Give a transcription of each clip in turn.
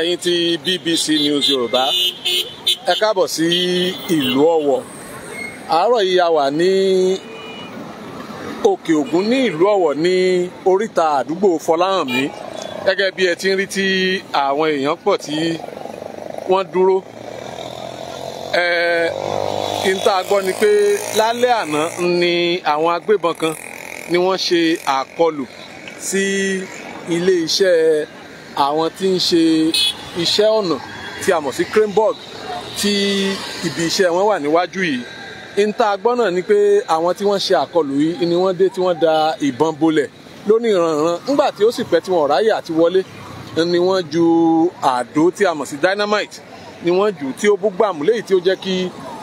ẹ̀yin ti BBC News Yorùbá ẹ káàbọ̀ sí ìlú Ọ̀wọ̀ àárọ̀ yìí a wà ní Òkè Ògún ní ìlú Ọ̀wọ̀ ní oríta àdúgbò Fọláhànmí gẹ́gẹ́ bí ẹ ti ń rí tí àwọn èèyàn pọ̀ tí wọ́n dúró ẹ n tá gbọ́ ni pé lálẹ́ àná ni àwọn agbébọn kan ni wọ́n ṣe àkọlù sí ilé iṣẹ́ àwọn tí ń ṣe iṣẹ́ ọnà tí a mọ̀ sí Cranbourne tí ibi iṣẹ́ wọn wà níwájú yìí ń gbọ́ náà ni pé àwọn tí wọ́n ṣe àkọlù yìí ni wọ́n dé tí wọ́n da ìbọn bolẹ̀ lóní ìrànràn ńgbà tí ó sì pẹ́ tí wọ́n ráyè àti wọlé ni wọ́n ju àdó tí a mọ̀ sí dynamite ni wọ́n jù tí ó búgbàmù léyìí tí ó jẹ́ kí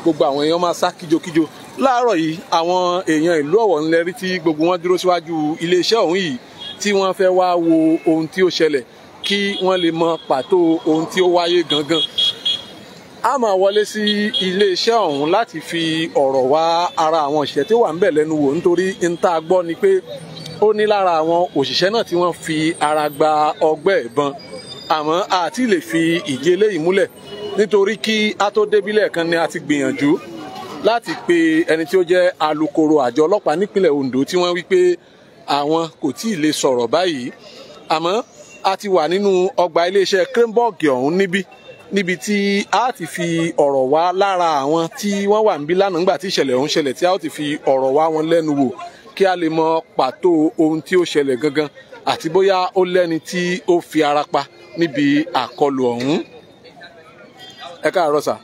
gbogbo àwọn èèyàn máa sá kíjokíjo láàárọ̀ yìí àwọn èèyàn ìlú Ọ̀wọ̀ ńlẹ́rí tí gbogbo wọn dúró síwájú iléeṣẹ́ ọ̀hún yìí tí wọ́n fẹ́ wá wo ohun tí ó ṣẹlẹ̀ kí wọ́n lè mọ pàtó ohun tí ó wáyé gangan a máa wọlé sí iléeṣẹ́ ọ̀hún láti fi ọ̀rọ̀ wá ara àwọn òṣìṣẹ́ tí ó wà ń bẹ̀ lẹ́nu wò nítorí n tá a gbọ́ ni pé ó ní lára àwọn òṣìṣẹ́ náà tí wọ́n fi ara gba ọgbẹ́ ìbọn àmọ́ àti lè fi ìdí eléyìí múlẹ̀ nítorí kí a tó débí lẹ́ẹ̀kan ni a ti gbìyànjú láti pe ẹni tí ó jẹ́ alukoro àjọ ọlọ́pàá nípínlẹ̀ Ondo tí wọ́n wí pé àwọn kò tí ì lè sọ̀rọ̀ báyìí àmọ́ a ti wà nínú ọgbà iléeṣẹ́ Kronborg ọ̀hún níbí níbi tí a ti fi ọ̀rọ̀ wá lára àwọn tí wọ́n wà níbí lánàá nígbà tí ìṣẹ̀lẹ̀ ọ̀hún ṣẹlẹ̀ tí a ó ti fi ọ̀rọ̀ wá wọn lẹ́nu wò kí a lè mọ pàtó ohun tí ó ṣẹlẹ̀ gangan àti bóyá ó lẹ́ni tí ó fi ara pa níbi àkọlù ọ̀hún. ẹ káàárọ̀ sà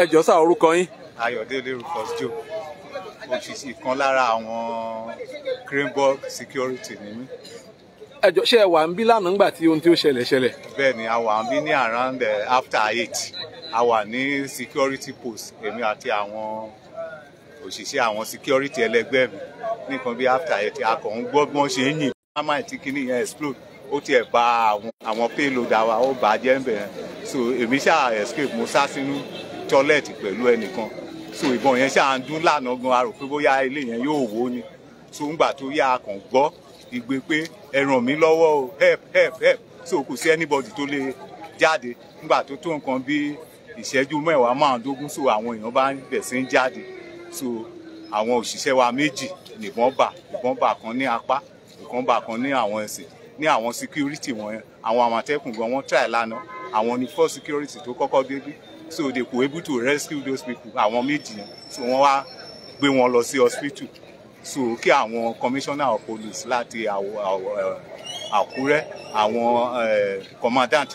ẹ jọ̀ọ́ sà orúkọ yín. Ayọ̀délé Rufus òṣìṣì kan lára àwọn Kronborg security ni mí ẹjọ ṣe ẹ wà ń bí lánàá nígbà tí ohun tí ó ṣẹlẹ̀ ṣẹlẹ̀. bẹ́ẹ̀ni a wà ń bí ní around eh, after eight a wà ní security post èmi àti àwọn òṣìṣẹ́ àwọn security ẹlẹgbẹ́ mi nìkan bí after eight a kàn ń gbọ́ bí wọ́n ṣe ń yìn lámà tí kíní yẹn explode ó tiẹ̀ bà àwọn àwọn payload àwa ó bà á jẹ́ ń bẹ̀rẹ̀ so èmi ṣáà escape mo sá sínú toilet pẹ̀lú ẹnìkan so ìbọn yẹn ṣáà ń dún lánàá gan a pé bóyá ilé yẹn yóò wó ni so ńgbà tó yá a kàn gbọ́ igbe pé ẹ ràn mí lọ́wọ́ o help help help so kò sí anybody tó lè jáde nígbà tó tó nǹkan bí ìṣẹ́jú mẹ́wàá márùndógún so àwọn èèyàn bá bẹ̀ sí ń jáde so àwọn òṣìṣẹ́ wa méjì nìbọn bà ìbọn bà kan ní apá ìkan bà kan ní àwọn ẹsẹ̀ ní àwọn security wọn yẹn àwọn àmọ̀tẹ́kùn gan wọ́n try lánàá àwọn ni first security tó kọ́kọ́ débí so they were able to rescue those people àwọn méjì yẹn so wọ́n wá gbé wọn lọ sí hospital so kí àwọn commissioner of police láti eh, àkúrẹ́ àwọn eh, commandant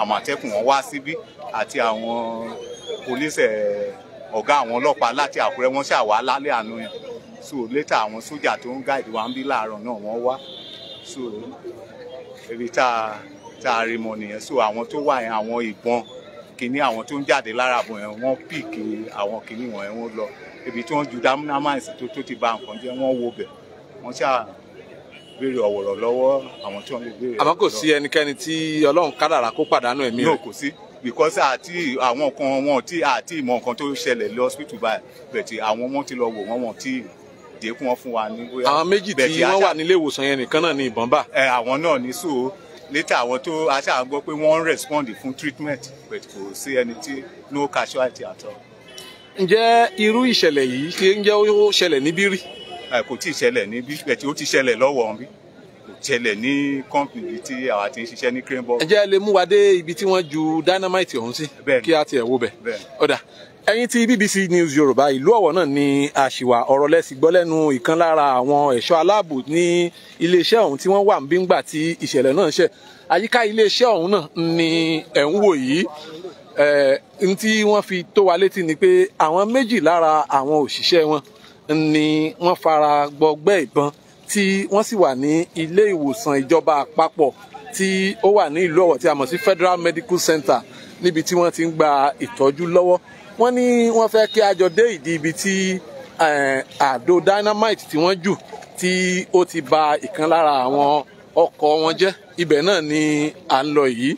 àmọ̀tẹ́kùn wọn wá síbí àti àwọn police eh, ọ̀gá àwọn ọlọ́pàá láti àkúrẹ́ wọn ṣàwá lálẹ́ àná yẹn so later àwọn sójà tó ń gáàdì wa ń bí láàárọ̀ náà wọ́n wá so ibi tá a rí mọ nìyẹn so àwọn tó wà yẹn àwọn ìbọn kìíní àwọn tó ń jáde lára àbọ̀ yẹn wọ́n pìkì àwọn kìíní wọ̀nyẹn wọ́n lọ ibi tí wọ́n ju dámúnámáìsì tó tó ti ba nǹkan jẹ́ wọ́n wo bẹ̀ wọ́n ṣáà béèrè ọ̀wọ̀rọ̀ lọ́wọ́ àwọn tí wọ́n lè béèrè. àmọ́ kò sí ẹnikẹ́ni tí Ọlọ́run kádàrá kó pàdánù ẹ̀mí rẹ̀. kò sí because àti àwọn kan wọn ti àti ìmọ̀ nǹkan tó ṣẹlẹ̀ lọ hospital báyìí bẹ̀tì àwọn wọn ti lọ wò wọ́n wọn ti dé kí fún wa ní. àwọn méjì tí wọ́n wà nílé ìwòsàn yẹn nìkan náà ni ìbọn bá. ẹ àwọn náà ní so later àwọn tó aṣáà gbọ́ pé wọ́n respond fún treatment but kò sí ẹni tí no casualty at all ǹjẹ́ irú ìṣẹ̀lẹ̀ yìí ṣe ń jẹ́ ó ṣẹlẹ̀ níbí rí. kò tí ì ṣẹlẹ̀ níbí bẹ̀tí ó ti ṣẹlẹ̀ lọ́wọ́ ọ̀hún bí kò ṣẹlẹ̀ ní kọ́ńpìnì tí àwa ti ń ṣiṣẹ́ ní Cranbourne. ǹjẹ́ ẹ lè mú wa dé ibi tí wọ́n ju dynamite ọ̀hún sí kí a tiẹ̀ wo bẹ̀. ọ̀dà ẹ̀yin ti BBC News Yorùbá ìlú Ọ̀wọ̀ náà ni àṣìwà ọ̀rọ̀ lẹ́sì gbọ́ lẹ́nu ìkan lára àwọn ẹ̀ṣọ́ aláàbò ní iléeṣẹ́ ọ̀hún tí wọ́n wà níbí ńgbà tí ìṣẹ̀lẹ̀ náà ṣẹ̀ àyíká iléeṣẹ́ ọ̀hún náà ni ẹ̀ ń wò yìí Eh, n tí wọ́n fi tó wa létí ni pé àwọn méjì lára àwọn òṣìṣẹ́ wọn ni wọ́n fara gbọgbẹ́ ìbọn tí wọ́n sì wà ní ilé ìwòsàn ìjọba àpapọ̀ tí ó wà ní ìlú Ọ̀wọ̀ tí a mọ̀ sí Federal Medical Center níbi tí wọ́n ti ń gba ìtọ́jú lọ́wọ́ wọ́n ní wọ́n fẹ́ kí a dé ìdí ibi tí eh, àdó dynamite tí wọ́n jù tí ó ti bà ìkan lára àwọn ọkọ̀ wọn jẹ́ ibẹ̀ náà ni à ń lọ yìí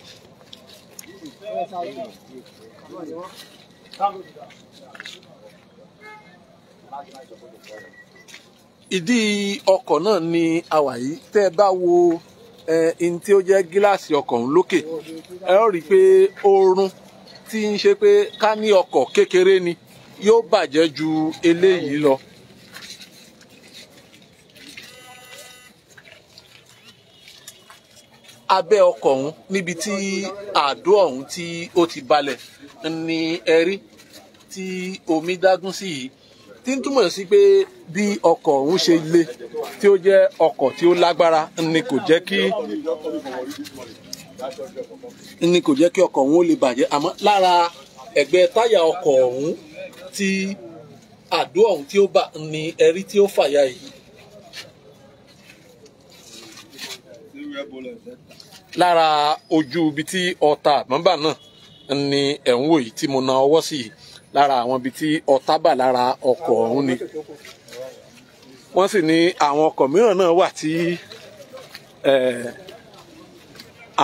ìdí ọkọ̀ náà ni àwà yìí tẹ́ ẹ bá wo ẹni tí ó jẹ́ gíláàsì ọkọ̀ ọ̀hún lókè ẹ ó rí i pé oorun tí ń ṣe pé ká ní ọkọ̀ kékeré ni yóò bàjẹ́ ju eléyìí lọ. abẹ́ ọkọ̀ ọ̀hún níbi tí àdó ọ̀hún tí ó ti balẹ̀ ni ẹ rí tí omi dágún sí yìí tí ń túmọ̀ sí pé bí ọkọ̀ ọ̀hún ṣe le tí ó jẹ́ ọkọ̀ tí ó lágbára ni kò jẹ́ kí ni kò jẹ́ kí ọkọ̀ ọ̀hún ó lè bàjẹ́ àmọ́ lára ẹ̀gbẹ́ táyà ọkọ̀ ọ̀hún tí àdó ọ̀hún tí ó bà ni ẹ̀rí tí ó fàya yìí lára ojú ibi tí ọta àmọ́bà náà ni ẹ̀ ń wò yìí tí mo na ọwọ́ sí yìí lára àwọn ibi tí ọta bà lára ọkọ̀ ọ̀hún ni wọ́n sì ní àwọn ọkọ̀ mìíràn náà wà tí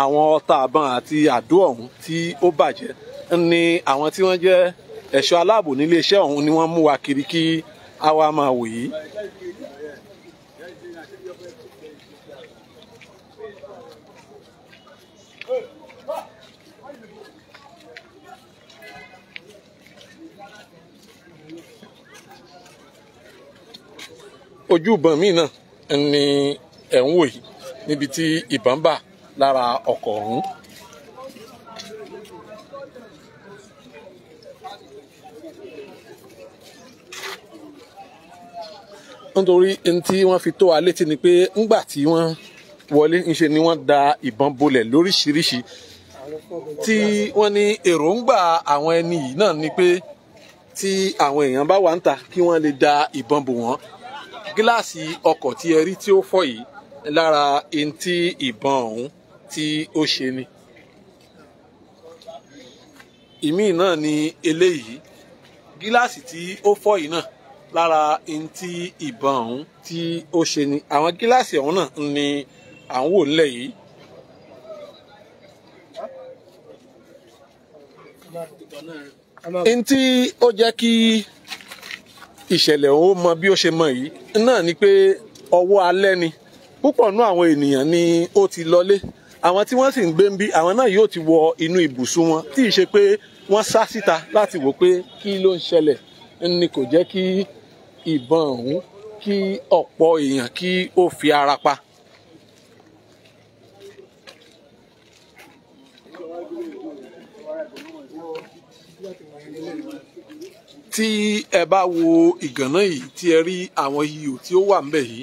àwọn ọta àbọn àti àdó ọ̀hún tí ó bàjẹ́ ni àwọn tí wọ́n jẹ́ ẹ̀ṣọ́ aláàbò níléeṣẹ́ ọ̀hún ni wọ́n mú wa kiri kí a wá máa wò yìí ojú ìbọn míì náà ni ẹ̀ ń wò yìí níbi tí ìbọn bà lára ọkọ̀ ọ̀hún. nítorí ní tí wọ́n fi tó wa létí ni pé ńgbà tí wọ́n wọlé ńṣe ni wọ́n da ìbọn bolẹ̀ lóríṣiríṣi tí wọ́n ní èròǹgbà àwọn ẹni yìí náà ni pé tí àwọn èèyàn bá wà ń ta kí wọ́n lè da ìbọn bò wọ́n gíláàsì ọkọ̀ tí ẹ rí tí ó fọ́ yìí lára ẹni ìbọn ọ̀hún tí ó ṣe ni ìmíì náà ni eléyìí gíláàsì tí ó fọ́ yìí náà lára ẹni tí ìbọn ọ̀hún tí ó ṣe ni àwọn gíláàsì ọ̀hún náà ni à ń wò nílẹ̀ yìí. ẹni ó jẹ́ kí ìṣẹ̀lẹ̀ ó mọ bí ó ṣe mọ yìí náà ni pé ọwọ́ alẹ́ ni púpọ̀ nú àwọn ènìyàn ni ó ti lọlé àwọn tí wọ́n sì ń gbé ń bí àwọn náà yóò ti wọ inú ibùsùn wọn tí ì ṣe pé wọ́n sá síta láti wò pé kí ló ń ṣẹlẹ̀ ni kò jẹ́ kí ìbọn ọ̀hún kí ọ̀pọ̀ èèyàn kí ó fi ara pa tí ẹ bá wo ìgànná yìí tí ẹ rí àwọn ihò tí ó wà ńbẹ̀ yìí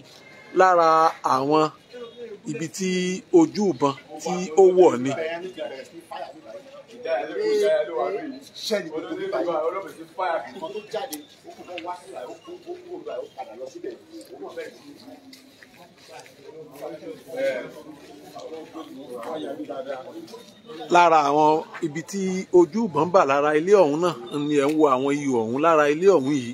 lára àwọn ibi tí ojú ìbọn tí ó wọ̀ ni. Thank lára àwọn ibi tí ojú ìbọn bà lára ilé ọ̀hún náà ni ẹ̀ ń wo àwọn ihò ọ̀hún lára ilé ọ̀hún yìí.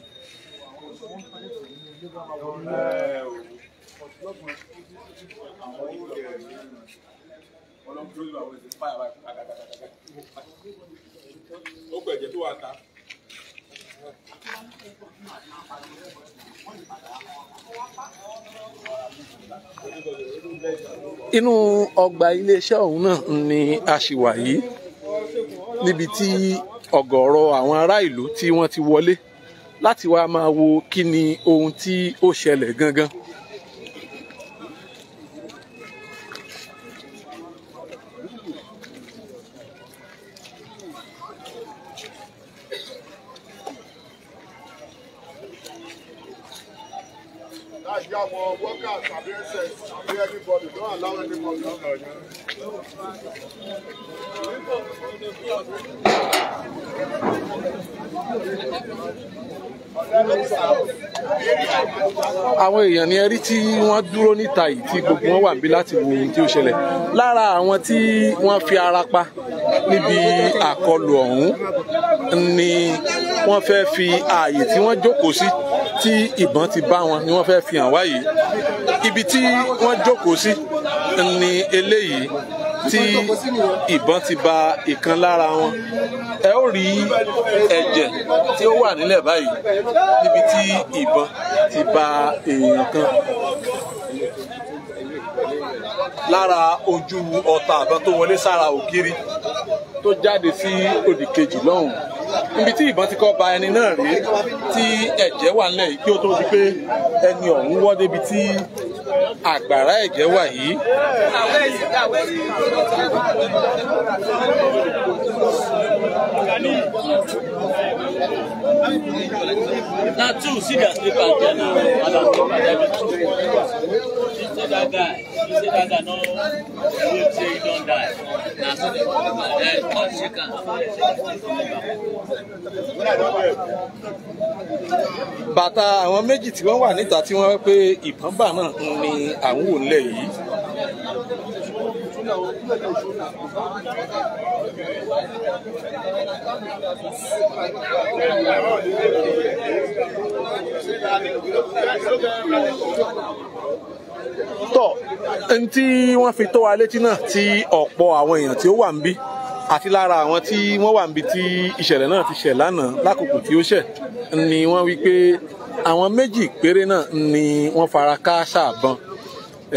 ó pẹ̀jẹ̀ tó wà ta. inú ọgbà iléeṣẹ́ ọ̀hún náà ni a ṣì wà yìí níbi tí ọ̀gọ̀ọ̀rọ̀ àwọn ará ìlú tí wọ́n ti wọlé láti wá máa wo kí ni ohun tí ó ṣẹlẹ̀ gangan leaders àbí ss àbí anybody don't allow anybody to tell you. àwọn èèyàn ni ẹ rí tí wọ́n dúró níta yìí tí gbogbo wọn wà níbí láti wo ohun tí ó ṣẹlẹ̀ lára àwọn tí wọ́n fi ara pa níbi àkọlù ọ̀hún ni wọ́n fẹ́ fi ààyè tí wọ́n jókòó sí tí ìbọn ti bá wọn ni wọ́n fẹ́ fi hàn wáyé ibi tí wọ́n jókòó sí ni eléyìí tí ìbọn ti ba ìkan lára wọn ẹ ó rí ẹ̀jẹ̀ tí ó wà nílẹ̀ báyìí níbi tí ìbọn ti ba èèyàn kan lára ojú ọta àbọn tó wọlé sára ògiri tó jáde sí òdìkejì lọ́hùn-ún níbi tí ìbọn ti kọ́ ba ẹni náà rí tí ẹ̀jẹ̀ wà ńlẹ̀ yìí kí ó tó di pé ẹni ọ̀hún wọ́ débi tí àgbàrá ẹ̀jẹ̀ wà yìí. Na two, see that paper there now. Madam, see that guy. See that guy. No, he say he don die bàtà àwọn méjì tí wọ́n wà níta tí wọ́n pé ìpọ́nbà náà ń ni àwọn wò nílẹ̀ yìí. tọ́ n tí wọ́n fi tó wa létí náà tí ọ̀pọ̀ àwọn èèyàn tí ó wà ń bí àti lára àwọn tí wọ́n wà ń bí tí ìṣẹ̀lẹ̀ náà ti ṣẹ̀ lánàá lákòókò tí ó ṣẹ̀ ni wọ́n wí pé àwọn méjì péré náà ni wọ́n fara kááṣá bọn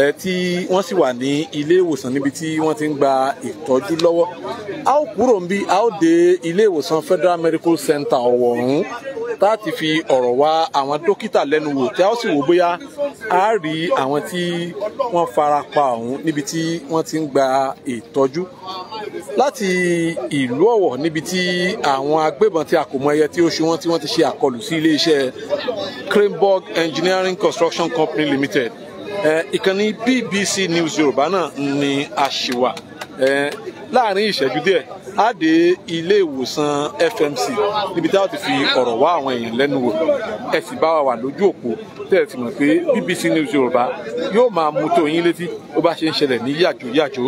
ẹ tí wọ́n sì wà ní ilé ìwòsàn níbi tí wọ́n ti ń gba ìtọ́jú lọ́wọ́ a ó kúrò ń bí a ó dé ilé ìwòsàn Federal Medical Center Ọ̀wọ̀rún tá a ti fi ọ̀rọ̀ wá àwọn dókítà lẹ́nu wò tí a ó sì wò bóyá a rí àwọn tí wọ́n fara pa ọ̀hún níbi tí wọ́n ti ń gba ìtọ́jú láti ìlú Ọ̀wọ̀ níbi tí àwọn agbébọn tí a kò mọ ẹyẹ tí ó ṣe wọ́n tí wọ́n ti ṣe àkọlù sí iléeṣẹ́ Kremborg Engineering Construction Company Limited ìkànnì BBC News Yorùbá náà ni a ṣì wà eh, láàrin ìṣẹ́jú díẹ̀ á dé ilé ìwòsàn FMC níbi tí a ti fi ọ̀rọ̀ wá àwọn èèyàn lẹ́nu wò ẹ sì bá wa wà lójú òpó tẹ́ ẹ sì mọ̀ pé BBC News Yorùbá yóò máa mú tó yín létí bó bá ṣe ń ṣẹlẹ̀ ní yàjò yàjò